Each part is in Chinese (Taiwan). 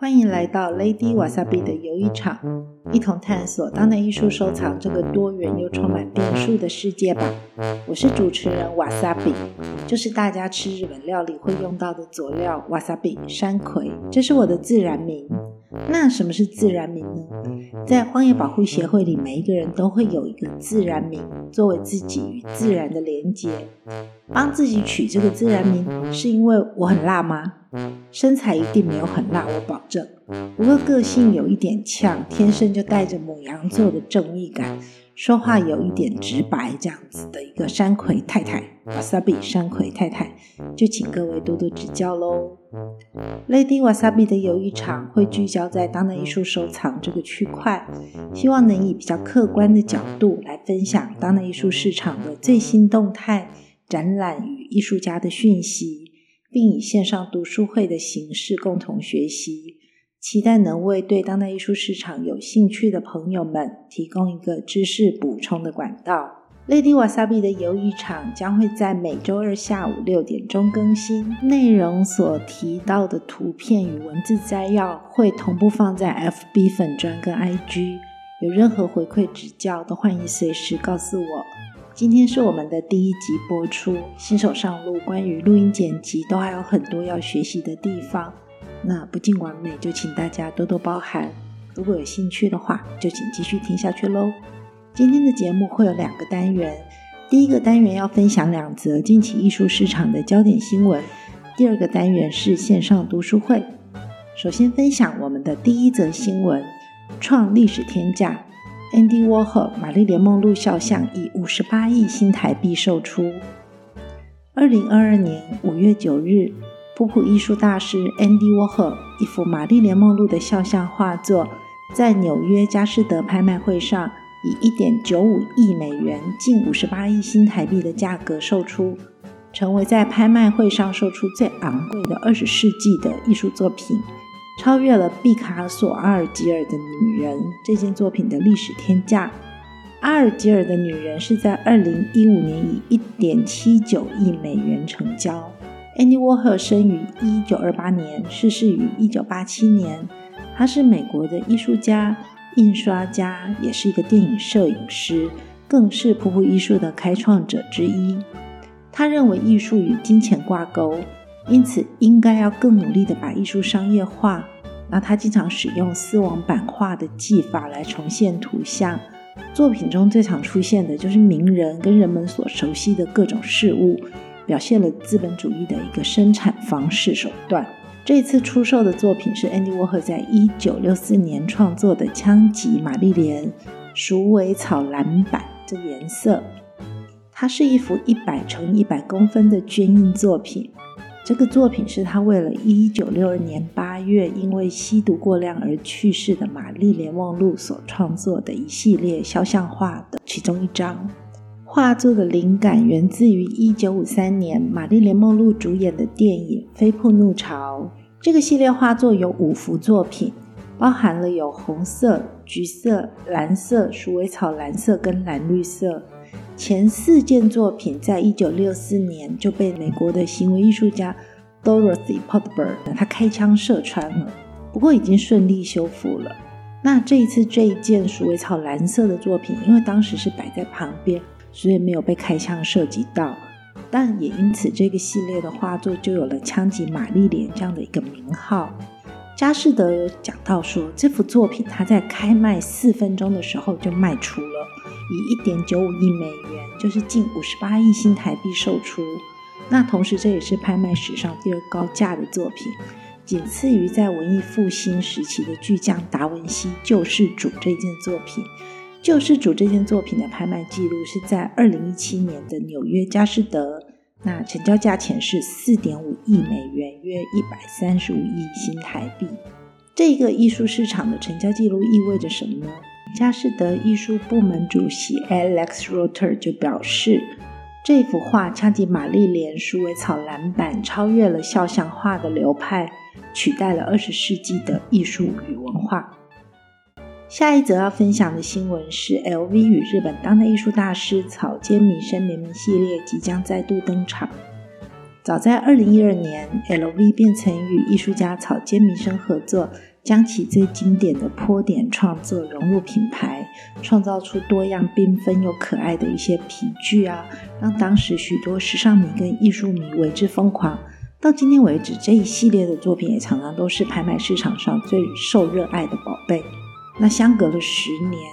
歡迎來到 Lady Wasabi 的遊藝場，一同探索當代藝術收藏這個多元又充滿變數的世界吧。我是主持人 Wasabi，就是大家吃日本料理會用到的佐料 Wasabi 山葵，這是我的自然名。那什麼是自然名呢？在荒野保護協會裡，每一個人都會有一個自然名，作為自己與自然的連結。幫自己取這個自然名，是因為我很辣嗎？身材一定沒有很辣，我保證。不過個性有一點嗆，天生就帶着牡羊座的正義感，說話有一點直白，這樣子的一個山葵太太，Wasabi 山葵太太，就請各位多多指教嘍。Lady Wasabi 的遊藝場會聚焦在當代藝術收藏這個區塊，希望能以比較客觀的角度來分享當代藝術市場的最新動態、展覽與藝術家的訊息，並以線上讀書會的形式共同學習。期待能為對當代藝術市場有興趣的朋友們提供一個知識補充的管道。Lady Wasabi 的遊藝場將會在每週二下午六點鐘更新內容，所提到的圖片與文字摘要會同步放在 FB 粉專跟 IG。有任何回饋指教都歡迎隨時告訴我。今天是我們的第一集播出，新手上路，關於錄音剪輯都還有很多要學習的地方，那不盡完美就請大家多多包涵。如果有興趣的話，就請繼續聽下去嘍。今天的節目會有兩個單元，第一個單元要分享兩則近期藝術市場的焦點新聞，第二個單元是線上讀書會。首先分享我們的第一則新聞：創歷史天價，Andy Warhol《瑪麗蓮夢露肖像》以五十八億新台幣售出。二零二二年五月九日，普普藝術大師 Andy Warhol 一幅《瑪麗蓮夢露》的肖像畫作，在紐約佳士得拍賣會上。1 以一點九五億美元，近五十八億新台幣的價格售出，成為在拍賣會上售出最昂貴的二十世紀的藝術作品，超越了畢卡索《阿爾及爾的女人》這件作品的歷史天價。《阿爾及爾的女人》是在二零一五年以一點七九億美元成交。安妮沃克生於一九二八年，逝世,世於一九八七年，她是美國的藝術家。印刷家也是一個電影攝影師，更是普普藝術的開創者之一。他認為藝術與金錢掛鈎，因此應該要更努力地把藝術商業化。那他經常使用絲網版畫的技法來重現圖像。作品中最常出現的就是名人跟人們所熟悉的各種事物，表現了資本主義的一個生產方式手段。這次出售的作品是 Andy Warhol 在一九六四年創作的《槍擊瑪麗蓮》鼠尾草藍版，這個顏色，它是一幅一百乘一百公分的絹印作品。這個作品是他為了一九六二年八月因為吸毒過量而去世的瑪麗蓮夢露所創作的一系列肖像畫的其中一張。畫作的靈感源自於一九五三年瑪麗蓮夢露主演的電影《飛瀑怒潮》。這個系列畫作有五幅作品，包含了有紅色、橘色、藍色、鼠尾草藍色跟藍綠色。前四件作品在一九六四年就被美國的行為藝術家 Dorothy Podber 他開槍射穿了，不過已經順利修復了。那這一次這一件鼠尾草藍色的作品，因為當時是擺在旁邊，所以沒有被開槍涉及到。但也因此，這個系列的畫作就有了“槍擊瑪麗蓮”這樣的一個名號。佳士得講到說，這幅作品它在開賣四分鐘的時候就賣出了，以一點九五億美元，就是近五十八億新台幣售出。那同時，這也是拍賣史上第二高價的作品，僅次於在文藝復興時期的巨匠達文西《救世主》這一件作品。《救世主》這件作品的拍賣記錄是在二零一七年的紐約佳士得，那成交價錢是四點五億美元，約一百三十五億新台幣。這個藝術市場的成交記錄意味着什麼呢？佳士得藝術部門主席 Alex Rotter 就表示，這幅畫《槍擊瑪麗蓮》鼠尾草藍板超越了肖像畫的流派，取代了二十世紀的藝術與文化。下一則要分享的新聞是，LV 與日本當代藝術大師草間彌生聯名系列即將再度登場。早在二零一二年，LV 便曾與藝術家草間彌生合作，將其最經典的波點創作融入品牌，創造出多樣繽紛又可愛的一些皮具啊，讓當時許多時尚迷跟藝術迷為之瘋狂。到今天為止，這一系列的作品也常常都是拍賣市場上最受熱愛的寶貝。那相隔了十年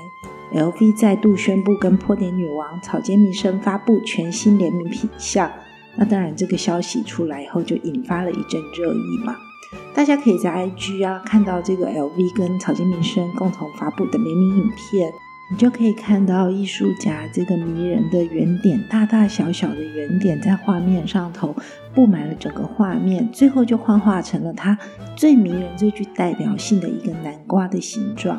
，LV 再度宣布跟波點女王草間彌生發布全新聯名品項。那當然，這個消息出來以後就引發了一陣熱議嘛。大家可以在 IG 啊看到這個 LV 跟草間彌生共同發布的聯名影片，你就可以看到藝術家這個迷人的圓點，大大小小的圓點在畫面上頭布滿了整個畫面，最後就幻化成了它最迷人、最具代表性的一個南瓜的形狀。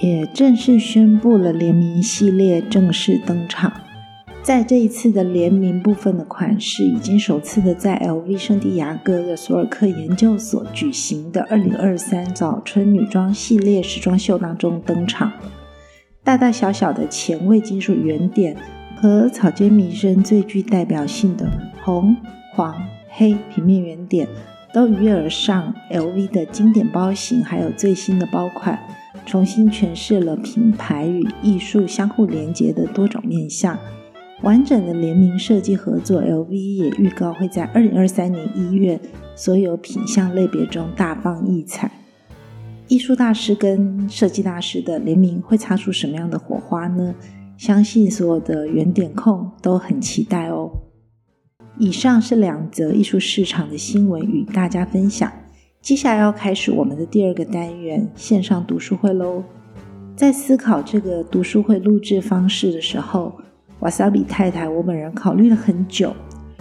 也正式宣布了聯名系列正式登場，在這一次的聯名部分的款式已經首次的在 LV 聖地牙哥的索爾克研究所舉行的二零二三早春女裝系列時裝秀當中登場。大大小小的前衛金屬圓點和草間彌生最具代表性的紅、黃、黑平面圓點都一躍而上 LV 的經典包型還有最新的包款。重新詮釋了品牌與藝術相互連接的多種面向、完整的聯名設計合作，LV 也預告會在二零二三年一月所有品項類別中大放異彩。藝術大師跟設計大師的聯名會擦出什麼樣的火花呢？相信所有的圓點控都很期待哦。以上是兩則藝術市場的新聞與大家分享。接下來要開始我們的第二個單元，線上讀書會嘍。在思考這個讀書會錄制方式的時候，瓦薩比太太，我本人考慮了很久。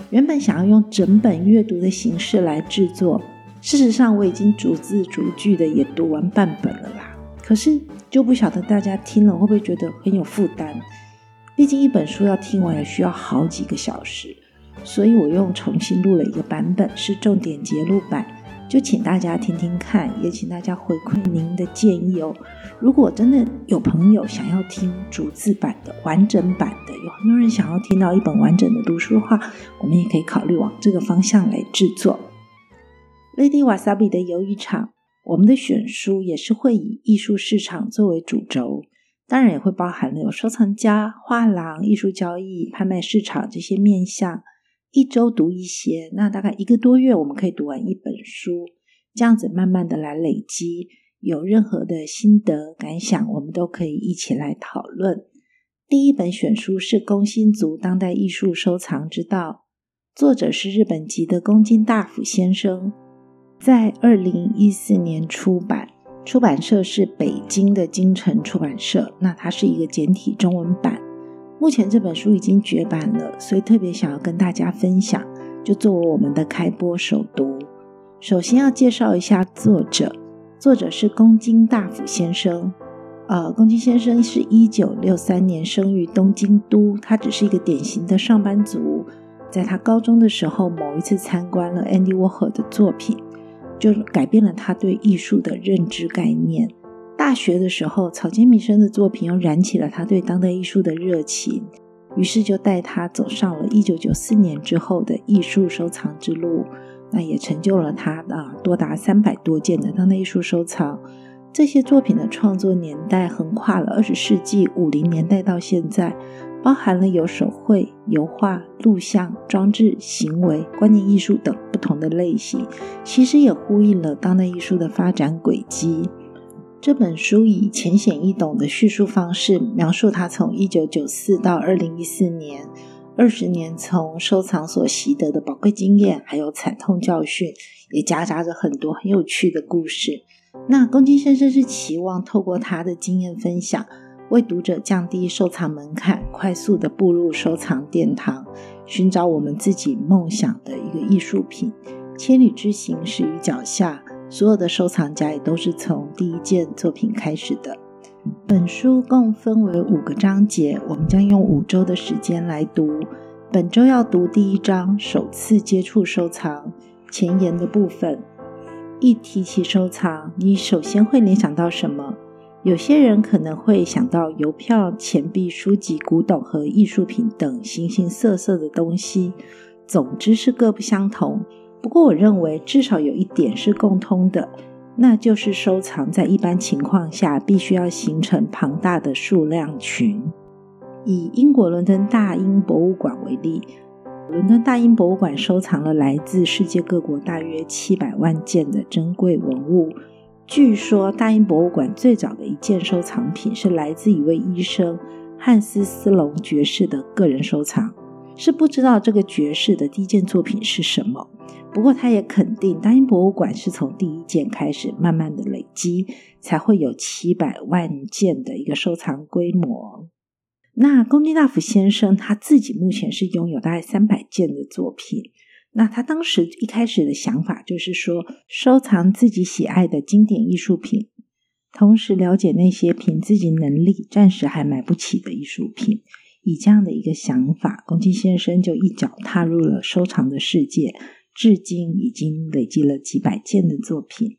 原本想要用整本閱讀的形式來制作，事實上我已經逐字逐句的也讀完半本了啦。可是就不曉得大家聽了會不會覺得很有負擔，畢竟一本書要聽完也需要好幾個小時，所以我又重新錄了一個版本，是重點節錄版。就請大家聽聽看，也請大家回饋您的建議哦。如果真的有朋友想要聽逐字版的完整版的，有很多人想要聽到一本完整的讀書的話，我們也可以考慮往這個方向來制作。Lady Wasabi 的遊藝場，我們的選書也是會以藝術市場作為主軸，當然也會包含了有收藏家、畫廊、藝術交易、拍賣市場這些面向。一週讀一些，那大概一個多月我們可以讀完一本書，這樣子慢慢的來累積。有任何的心得感想，我們都可以一起來討論。第一本選書是《工薪族當代藝術收藏之道》，作者是日本籍的宮津大輔先生，在二零一四年出版，出版社是北京的金城出版社。那它是一個簡體中文版。目前這本書已經絕版了，所以特別想要跟大家分享，就作為我們的開播首讀。首先要介紹一下作者，作者是宮津大輔先生。呃，宮津先生是一九六三年生於東京都，他只是一個典型的上班族。在他高中的時候，某一次參觀了 Andy Warhol 的作品，就改變了他對藝術的認知概念。大學的時候，草間彌生的作品又燃起了他對當代藝術的熱情，於是就帶他走上了1994年之後的藝術收藏之路。那也成就了他的，啊，多達三百多件的當代藝術收藏。這些作品的創作年代橫跨了二十世紀五零年代到現在，包含了有手繪、油畫、錄像、裝置、行為、觀念藝術等不同的類型。其實也呼應了當代藝術的發展軌跡。這本書以淺顯易懂的敘述方式，描述他從一九九四到二零一四年二十年從收藏所習得的寶貴經驗，還有慘痛教訓，也夾雜着很多很有趣的故事。那宮津先生是期望透過他的經驗分享，為讀者降低收藏門檻，快速地步入收藏殿堂，尋找我們自己夢想的一個藝術品。千里之行始於腳下。所有的收藏家也都是從第一件作品開始的。本書共分為五個章節，我們將用五周的時間來讀。本周要讀第一章，首次接觸收藏，前言的部分。一提起收藏，你首先會聯想到什麼？有些人可能會想到郵票、錢幣、書籍、古董和藝術品等形形色色的東西，總之是各不相同。不過，我認為至少有一點是共通的，那就是收藏在一般情況下必須要形成龐大的數量群。以英國倫敦大英博物館為例，倫敦大英博物館收藏了來自世界各國大約七百萬件的珍貴文物。據說，大英博物館最早的一件收藏品是來自一位醫生漢斯·斯隆爵士的個人收藏。是不知道這個爵士的第一件作品是什麼，不過他也肯定大英博物館是從第一件開始慢慢的累積，才會有七百萬件的一個收藏規模。那宮津大輔先生他自己目前是擁有大概三百件的作品。那他當時一開始的想法就是說，收藏自己喜愛的經典藝術品，同時了解那些憑自己能力暫時還買不起的藝術品。以這樣的一個想法，宮津先生就一腳踏入了收藏的世界，至今已經累積了幾百件的作品。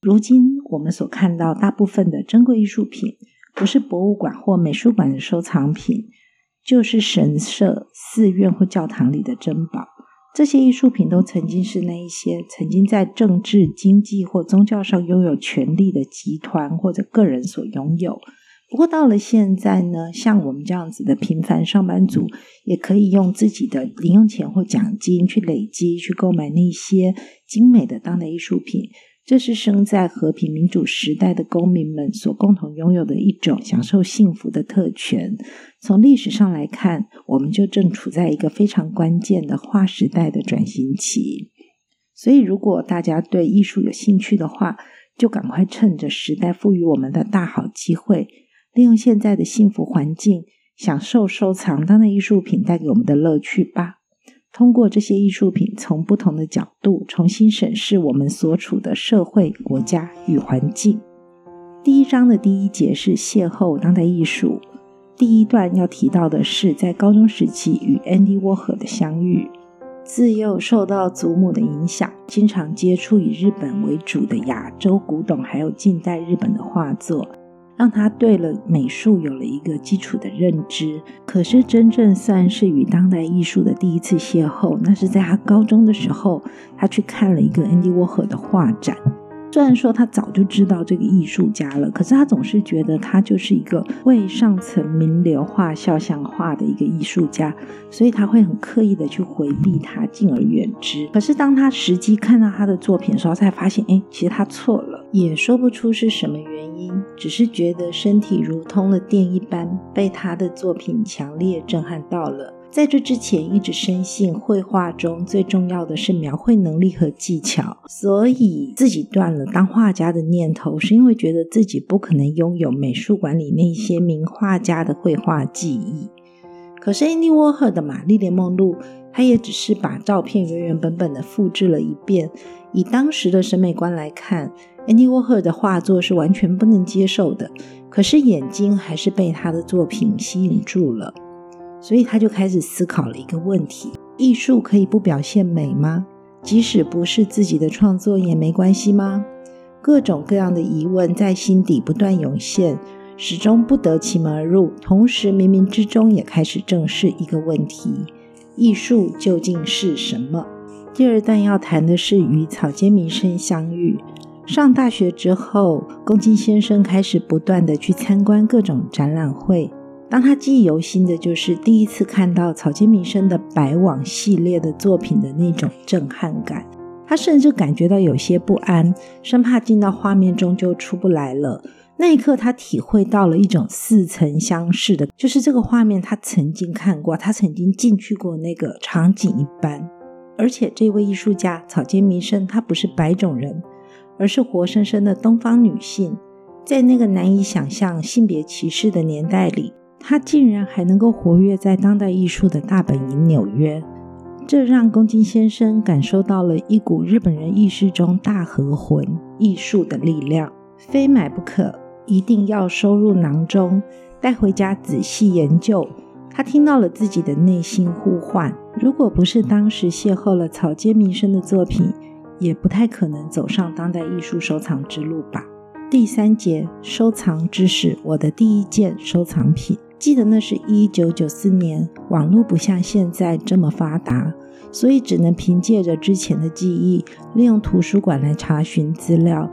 如今我們所看到大部分的珍貴藝術品，不是博物館或美術館的收藏品，就是神社、寺院或教堂裡的珍寶。這些藝術品都曾經是那一些曾經在政治、經濟或宗教上擁有權力的集團或者個人所擁有。不過到了現在呢，像我們這樣子的平凡上班族，也可以用自己的零用錢或獎金去累積，去購買那些精美的當代藝術品。這是生在和平民主時代的公民們所共同擁有的一種享受幸福的特權。從歷史上來看，我們就正處在一個非常關鍵的劃時代的轉型期。所以，如果大家對藝術有興趣的話，就趕快趁着時代賦予我們的大好機會。利用現在的幸福環境，享受收藏當代藝術品帶給我們的樂趣吧。通過這些藝術品，從不同的角度重新審視我們所處的社會、國家與環境。第一章的第一節是邂逅當代藝術。第一段要提到的是，在高中時期與 Andy Warhol 的相遇。自幼受到祖母的影響，經常接觸以日本為主的亞洲古董，還有近代日本的畫作。讓他對了美術有了一個基礎的認知，可是真正算是與當代藝術的第一次邂逅，那是在他高中的時候，他去看了一個安迪沃荷的畫展。雖然說他早就知道這個藝術家了，可是他總是覺得他就是一個為上層名流畫肖像畫的一個藝術家，所以他會很刻意的去回避他，敬而遠之。可是當他實際看到他的作品的時候，才發現，哎，其實他錯了，也說不出是什麼原因，只是覺得身體如通了電一般，被他的作品強烈震撼到了。在這之前，一直深信繪畫中最重要的是描繪能力和技巧，所以自己斷了當畫家的念頭，是因為覺得自己不可能擁有美術館裡那些名畫家的繪畫技藝。可是 Andy Warhol 的《瑪麗蓮夢露》，他也只是把照片原原本本的複製了一遍。以當時的審美觀來看，Andy Warhol 的畫作是完全不能接受的，可是眼睛還是被他的作品吸引住了。所以他就開始思考了一個問題：藝術可以不表現美嗎？即使不是自己的創作也沒關係嗎？各種各樣的疑問在心底不斷湧現，始終不得其門而入。同時，冥冥之中也開始正視一個問題：藝術究竟是什麼？第二段要談的是與草間彌生相遇。上大學之後，宮津先生開始不斷的去參觀各種展覽會。當他記憶猶新的，就是第一次看到草間彌生的白網系列的作品的那種震撼感。他甚至感覺到有些不安，生怕進到畫面中就出不來了。那一刻，他體會到了一種似曾相識的，就是這個畫面他曾經看過，他曾經進去過那個場景一般。而且，這位藝術家草間彌生，她不是白種人，而是活生生的東方女性，在那個難以想象性別歧視的年代裡。他竟然還能夠活躍在當代藝術的大本營紐約，這讓宮津先生感受到了一股日本人意識中大和魂藝術的力量，非買不可，一定要收入囊中，帶回家仔細研究。他聽到了自己的內心呼喚。如果不是當時邂逅了草間彌生的作品，也不太可能走上當代藝術收藏之路吧。第三節，收藏知識，我的第一件收藏品。記得那是一九九四年，網絡不像現在這麼發達，所以只能憑借着之前的記憶，利用圖書館來查詢資料。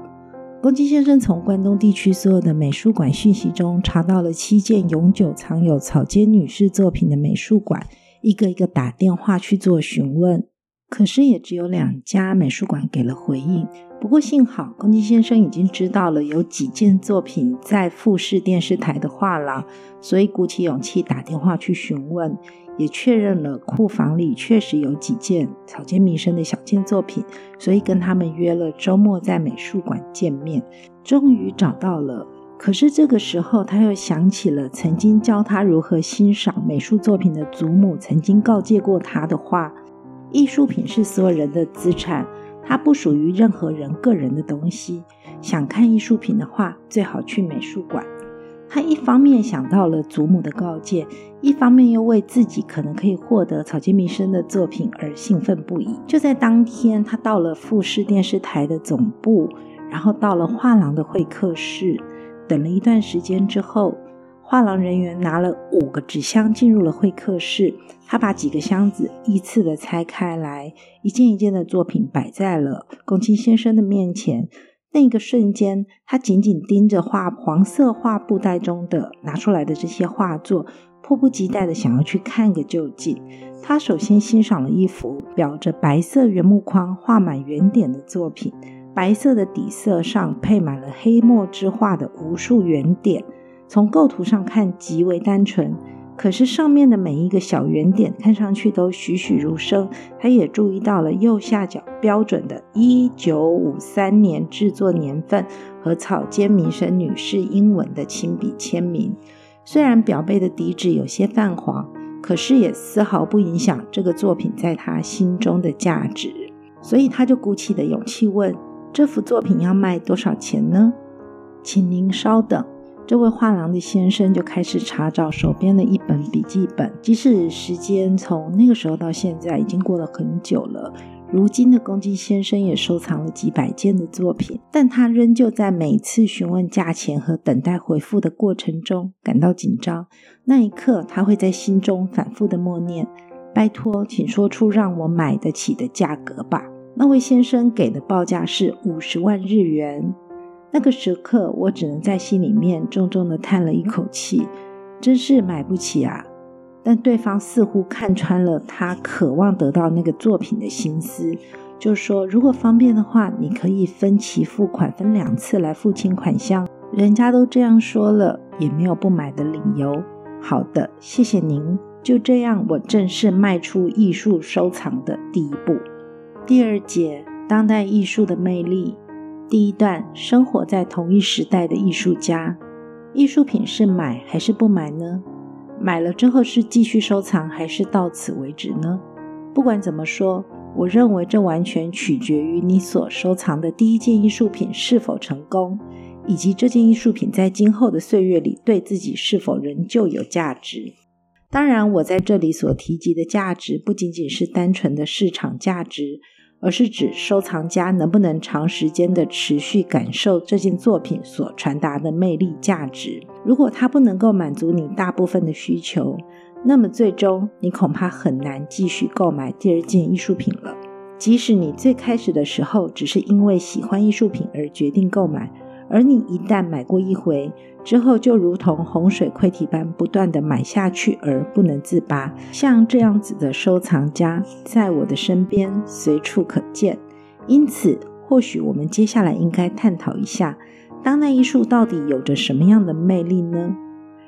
宮津先生從關東地區所有的美術館信息中查到了七件永久藏有草間女士作品的美術館，一個一個打電話去做詢問，可是也只有兩家美術館給了回應。不過幸好，宮津先生已經知道了有幾件作品在富士電視台的畫廊，所以鼓起勇氣打電話去詢問，也確認了庫房裡確實有幾件草間彌生的小件作品，所以跟他們約了周末在美術館見面，終於找到了。可是這個時候，他又想起了曾經教他如何欣賞美術作品的祖母曾經告誡過他的話：藝術品是所有人的資產。它不屬於任何人個人的東西。想看藝術品的話，最好去美術館。他一方面想到了祖母的告誡，一方面又為自己可能可以獲得草間彌生的作品而興奮不已。就在當天，他到了富士電視台的總部，然後到了畫廊的會客室，等了一段時間之後，畫廊人員拿了五個紙箱進入了會客室，他把幾個箱子依次的拆開來，一件一件的作品擺在了宮津先生的面前。那個瞬間，他緊緊盯着畫黃色畫布袋中的拿出來的這些畫作，迫不及待的想要去看個究竟。他首先欣賞了一幅裱着白色原木框、畫滿圓點的作品，白色的底色上配滿了黑墨汁畫的無數圓點。從構圖上看極為單純，可是上面的每一個小圓點看上去都栩栩如生。他也注意到了右下角標準的1953年制作年份和草間彌生女士英文的親筆簽名。雖然表背的底紙有些泛黃，可是也絲毫不影響這個作品在他心中的價值。所以他就鼓起了勇氣問：“這幅作品要賣多少錢呢？”請您稍等。這位畫廊的先生就開始查找手邊的一本筆記本，即使時間從那個時候到現在已經過了很久了。如今的宮津先生也收藏了幾百件的作品，但他仍舊在每次詢問價錢和等待回復的過程中感到緊張。那一刻，他會在心中反覆的默念：“拜托，請說出讓我買得起的價格吧。”那位先生給的報價是五十萬日元。那個時刻，我只能在心裡面重重地嘆了一口氣，真是買不起啊！但對方似乎看穿了他渴望得到那個作品的心思，就說：“如果方便的話，你可以分期付款，分兩次來付清款項。”人家都這樣說了，也沒有不買的理由。好的，謝謝您。就這樣，我正式邁出藝術收藏的第一步。第二節，當代藝術的魅力。第一段，生活在同一時代的藝術家，藝術品是買還是不買呢？買了之後是繼續收藏還是到此為止呢？不管怎麼說，我認為這完全取決於你所收藏的第一件藝術品是否成功，以及這件藝術品在今後的歲月裡對自己是否仍舊有價值。當然，我在這裡所提及的價值不僅僅是單純的市場價值。而是指收藏家能不能長時間的持續感受這件作品所傳達的魅力價值。如果它不能夠滿足你大部分的需求，那麼最終你恐怕很難繼續購買第二件藝術品了。即使你最開始的時候只是因為喜歡藝術品而決定購買。而你一旦買過一回之後，就如同洪水潰堤般不斷地買下去而不能自拔。像這樣子的收藏家，在我的身邊隨處可見。因此，或許我們接下來應該探討一下，當代藝術到底有着什麼樣的魅力呢？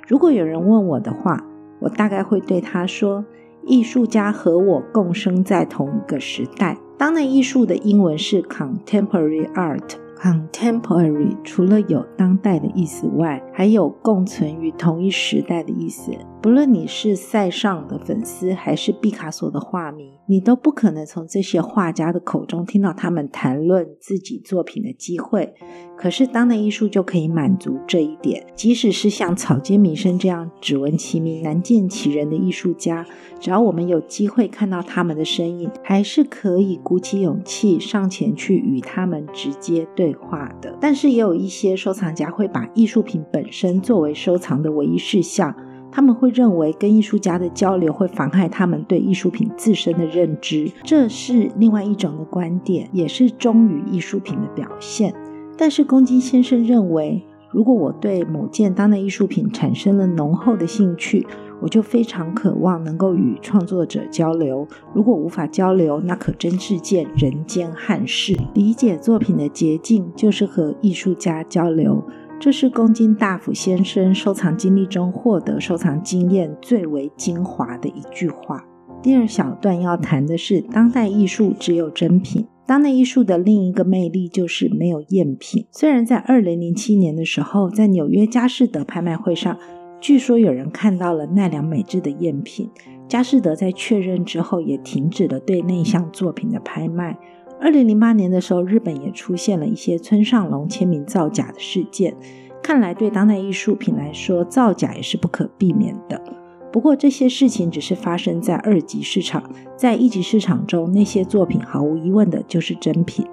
如果有人問我的話，我大概會對他說：藝術家和我共生在同一個時代。當代藝術的英文是 contemporary art。Contemporary 除了有當代的意思外，還有共存於同一時代的意思。不論你是塞尚的粉絲，還是畢卡索的畫迷，你都不可能從這些畫家的口中聽到他們談論自己作品的機會。可是當代藝術就可以滿足這一點，即使是像草間彌生這樣只聞其名難見其人的藝術家，只要我們有機會看到他們的身影，還是可以鼓起勇氣上前去與他們直接對話的。但是也有一些收藏家會把藝術品本身作為收藏的唯一事項。他們會認為跟藝術家的交流會妨害他們對藝術品自身的認知，這是另外一種的觀點，也是忠於藝術品的表現。但是宮津先生認為，如果我對某件當代藝術品產生了濃厚的興趣，我就非常渴望能夠與創作者交流。如果無法交流，那可真是件人間憾事。理解作品的捷徑就是和藝術家交流。這是宮津大輔先生收藏經歷中獲得收藏經驗最為精華的一句話。第二小段要談的是當代藝術只有真品。當代藝術的另一個魅力就是沒有贗品。雖然在二零零七年的時候，在紐約佳士得拍賣會上，據說有人看到了奈良美智的贗品，佳士得在確認之後也停止了對那項作品的拍賣。二零零八年的時候，日本也出現了一些村上隆簽名造假的事件。看來，對當代藝術品來說，造假也是不可避免的。不過，這些事情只是發生在二級市場，在一級市場中，那些作品毫無疑問的就是真品。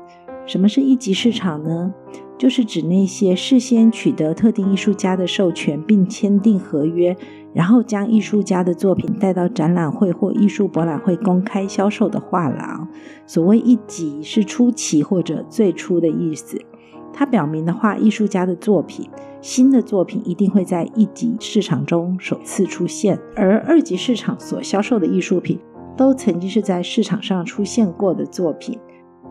什麼是一級市場呢？就是指那些事先取得特定藝術家的授權並簽訂合約。然後將藝術家的作品帶到展覽會或藝術博覽會公開銷售的畫廊，所謂一級是初期或者最初的意思，它表明的話，藝術家的作品，新的作品一定會在一級市場中首次出現，而二級市場所銷售的藝術品，都曾經是在市場上出現過的作品。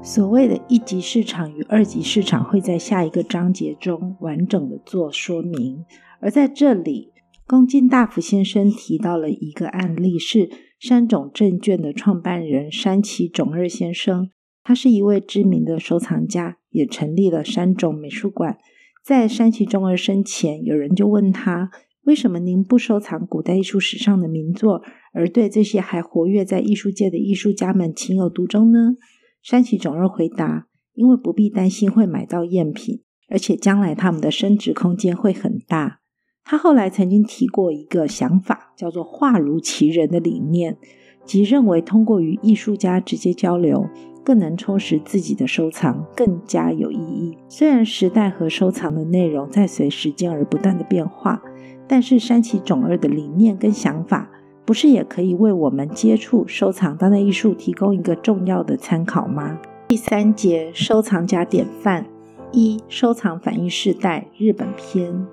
所謂的一級市場與二級市場會在下一個章節中完整的做說明，而在這裡。宮津大輔先生提到了一個案例，是山種證券的創辦人山崎種二先生。他是一位知名的收藏家，也成立了山種美術館。在山崎種二生前，有人就問他：“為什麼您不收藏古代藝術史上的名作，而對這些還活躍在藝術界的藝術家們情有獨鍾呢？”山崎種二回答：“因為不必擔心會買到贗品，而且將來他們的升值空間會很大。”他後來曾經提過一個想法，叫做“畫如其人”的理念，即認為通過與藝術家直接交流，更能充實自己的收藏，更加有意義。雖然時代和收藏的內容在隨時間而不斷的變化，但是山崎種二的理念跟想法，不是也可以為我們接觸收藏當代藝術提供一個重要的參考嗎？第三節：收藏家典範一：收藏反映世代——日本篇。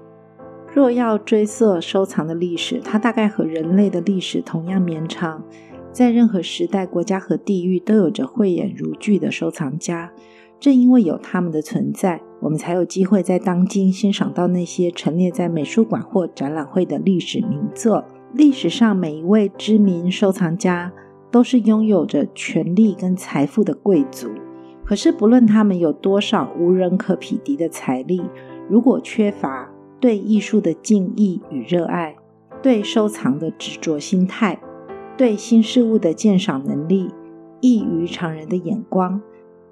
若要追溯收藏的歷史，它大概和人類的歷史同樣綿長。在任何時代、國家和地域，都有着慧眼如炬的收藏家。正因為有他們的存在，我們才有機會在當今欣賞到那些陳列在美術館或展覽會的歷史名作。歷史上每一位知名收藏家都是擁有着權力跟財富的貴族。可是，不論他們有多少無人可匹敵的財力，如果缺乏，對藝術的敬意與熱愛，對收藏的執着心態，對新事物的鑑賞能力，異於常人的眼光，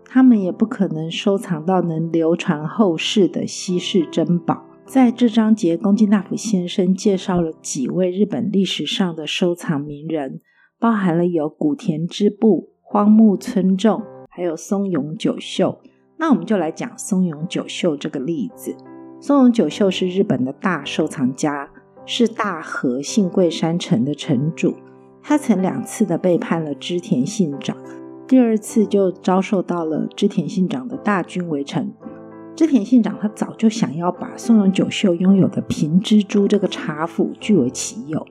他們也不可能收藏到能流傳後世的稀世珍寶。在這章節，宮津大輔先生介紹了幾位日本歷史上的收藏名人，包含了有古田織部、荒木村重，還有松永久秀。那我們就來講松永久秀這個例子。松永久秀是日本的大收藏家，是大和信貴山城的城主。他曾兩次的背叛了織田信長，第二次就遭受到了織田信長的大軍圍城。織田信長他早就想要把松永久秀擁有的平蜘蛛這個茶釜據為己有，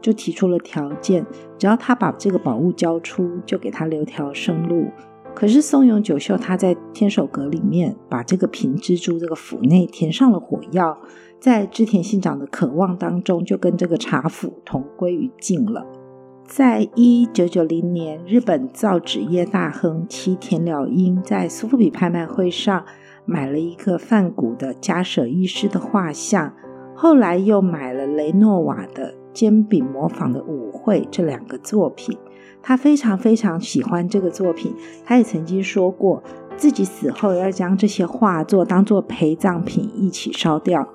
就提出了條件，只要他把這個寶物交出，就給他留條生路。可是松永久秀他在天守閣裡面把這個平蜘蛛這個釜內填上了火藥，在織田信長的渴望當中，就跟這個茶釜同歸於盡了。在一九九零年，日本造紙業大亨齊田了英在蘇富比拍賣會上買了一個梵谷的《加舍醫師》的畫像，後來又買了雷諾瓦的《煎餅模仿的舞會》這兩個作品。他非常非常喜歡這個作品，他也曾經說過，自己死後要將這些畫作當作陪葬品一起燒掉。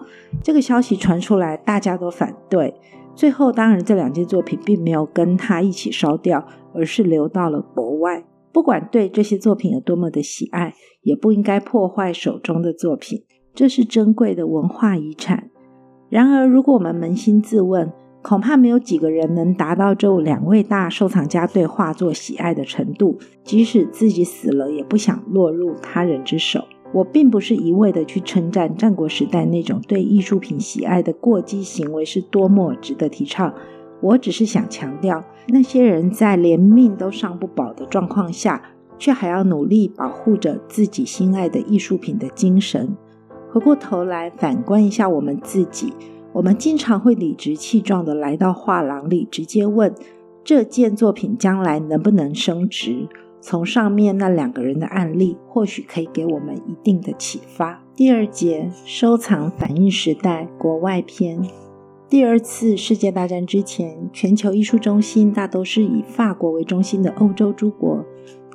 這個消息傳出來，大家都反對。最後，當然這兩件作品並沒有跟他一起燒掉，而是流到了國外。不管對這些作品有多麼的喜愛，也不應該破壞手中的作品，這是珍貴的文化遺產。然而，如果我們捫心自問，恐怕沒有幾個人能達到這兩位大收藏家對畫作喜愛的程度，即使自己死了，也不想落入他人之手。我並不是一味地去稱讚戰國時代那種對藝術品喜愛的過激行為是多麼值得提倡，我只是想強調那些人在連命都尚不保的狀況下，卻還要努力保護着自己心愛的藝術品的精神。回過頭來反觀一下我們自己。我們經常會理直氣壯地來到畫廊裡，直接問這件作品將來能不能升值。從上面那兩個人的案例，或許可以給我們一定的啟發。第二節，收藏反映時代，國外篇。第二次世界大戰之前，全球藝術中心大都是以法國為中心的歐洲諸國。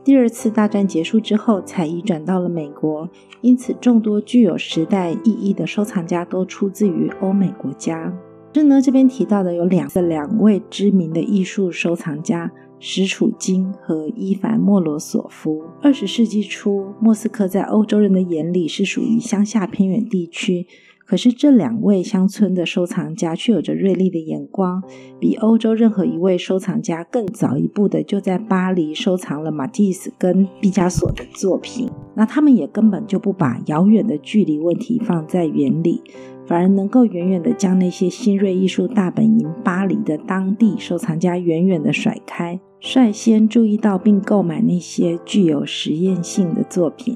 第二次大戰結束之後，才移轉到了美國。因此，眾多具有時代意義的收藏家都出自於歐美國家。正呢，這邊提到的有兩個兩位知名的藝術收藏家：石楚金和伊凡莫羅索夫。二十世紀初，莫斯科在歐洲人的眼裡是屬於鄉下偏遠地區。可是，這兩位鄉村的收藏家卻有着銳利的眼光，比歐洲任何一位收藏家更早一步的就在巴黎收藏了馬蒂斯跟畢加索的作品。那他們也根本就不把遙遠的距離問題放在眼裡，反而能夠遠遠的將那些新銳藝術大本營巴黎的當地收藏家遠遠的甩開，率先注意到並購買那些具有實驗性的作品。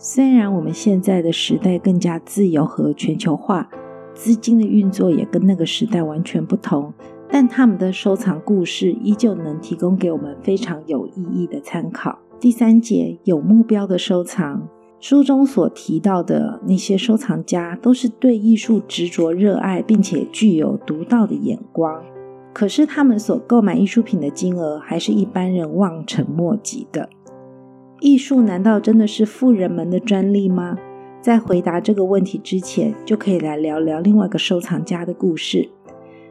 雖然我們現在的時代更加自由和全球化，資金的運作也跟那個時代完全不同，但他們的收藏故事依舊能提供給我們非常有意義的參考。第三節，有目標的收藏，書中所提到的那些收藏家都是對藝術執着熱愛，並且具有獨到的眼光，可是他們所購買藝術品的金額還是一般人望塵莫及的。藝術難道真的是富人們的專利嗎？在回答這個問題之前，就可以來聊聊另外一個收藏家的故事。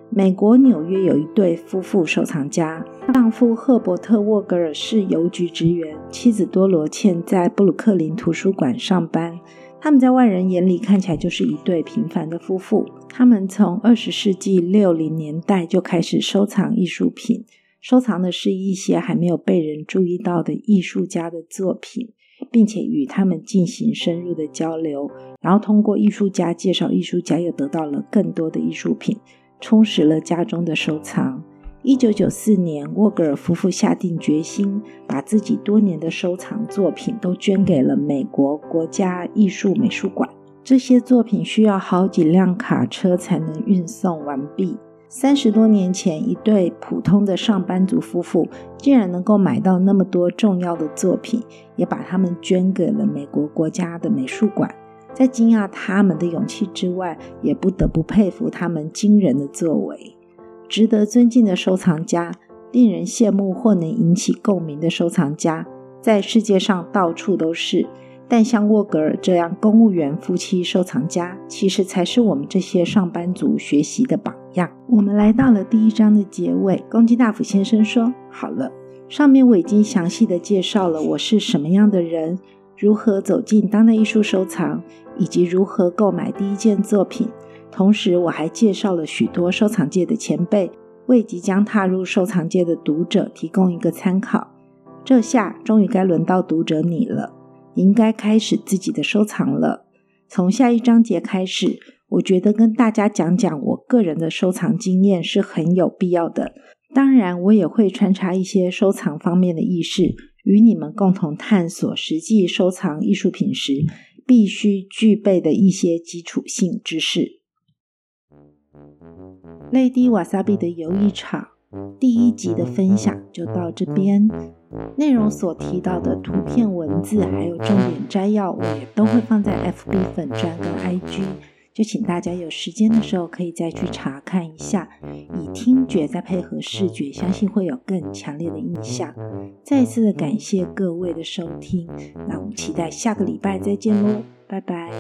美國紐約有一對夫婦收藏家，丈夫赫伯特·沃格爾是郵局職員，妻子多羅茜在布魯克林圖書館上班。他們在外人眼裡看起來就是一對平凡的夫婦。他們從二十世紀六零年代就開始收藏藝術品。收藏的是一些還沒有被人注意到的藝術家的作品，並且與他們進行深入的交流，然後通過藝術家介紹，藝術家又得到了更多的藝術品，充實了家中的收藏。1994年，沃格爾夫婦下定決心，把自己多年的收藏作品都捐給了美國國家藝術美術館。這些作品需要好幾輛卡車才能運送完畢。三十多年前，一對普通的上班族夫婦竟然能夠買到那麼多重要的作品，也把他們捐給了美國國家的美術館。在驚訝他們的勇氣之外，也不得不佩服他們驚人的作為。值得尊敬的收藏家，令人羨慕或能引起共鳴的收藏家，在世界上到處都是。但像沃格爾這樣公務員夫妻收藏家，其實才是我們這些上班族學習的榜樣。我們來到了第一章的結尾，宮津大輔先生說：“好了，上面，我已經詳細的介紹了我是什麼樣的人，如何走進當代藝術收藏，以及如何購買第一件作品。同時，我還介紹了許多收藏界的前輩，為即將踏入收藏界的讀者提供一個參考。這下終於該輪到讀者你了，應該開始自己的收藏了。從下一章節開始。”我覺得跟大家講講我個人的收藏經驗是很有必要的。當然，我也會穿插一些收藏方面的意識，與你們共同探索實際收藏藝術品時必須具備的一些基礎性知識。Lady Wasabi 的遊藝場第一集的分享就到這邊。內容所提到的圖片、文字還有重點摘要，我也都會放在 FB 粉專跟 IG。就請大家有時間的時候可以再去查看一下，以聽覺再配合視覺，相信會有更強烈的印象。再次的感謝各位的收聽，那我們期待下個禮拜再見嘍，拜拜。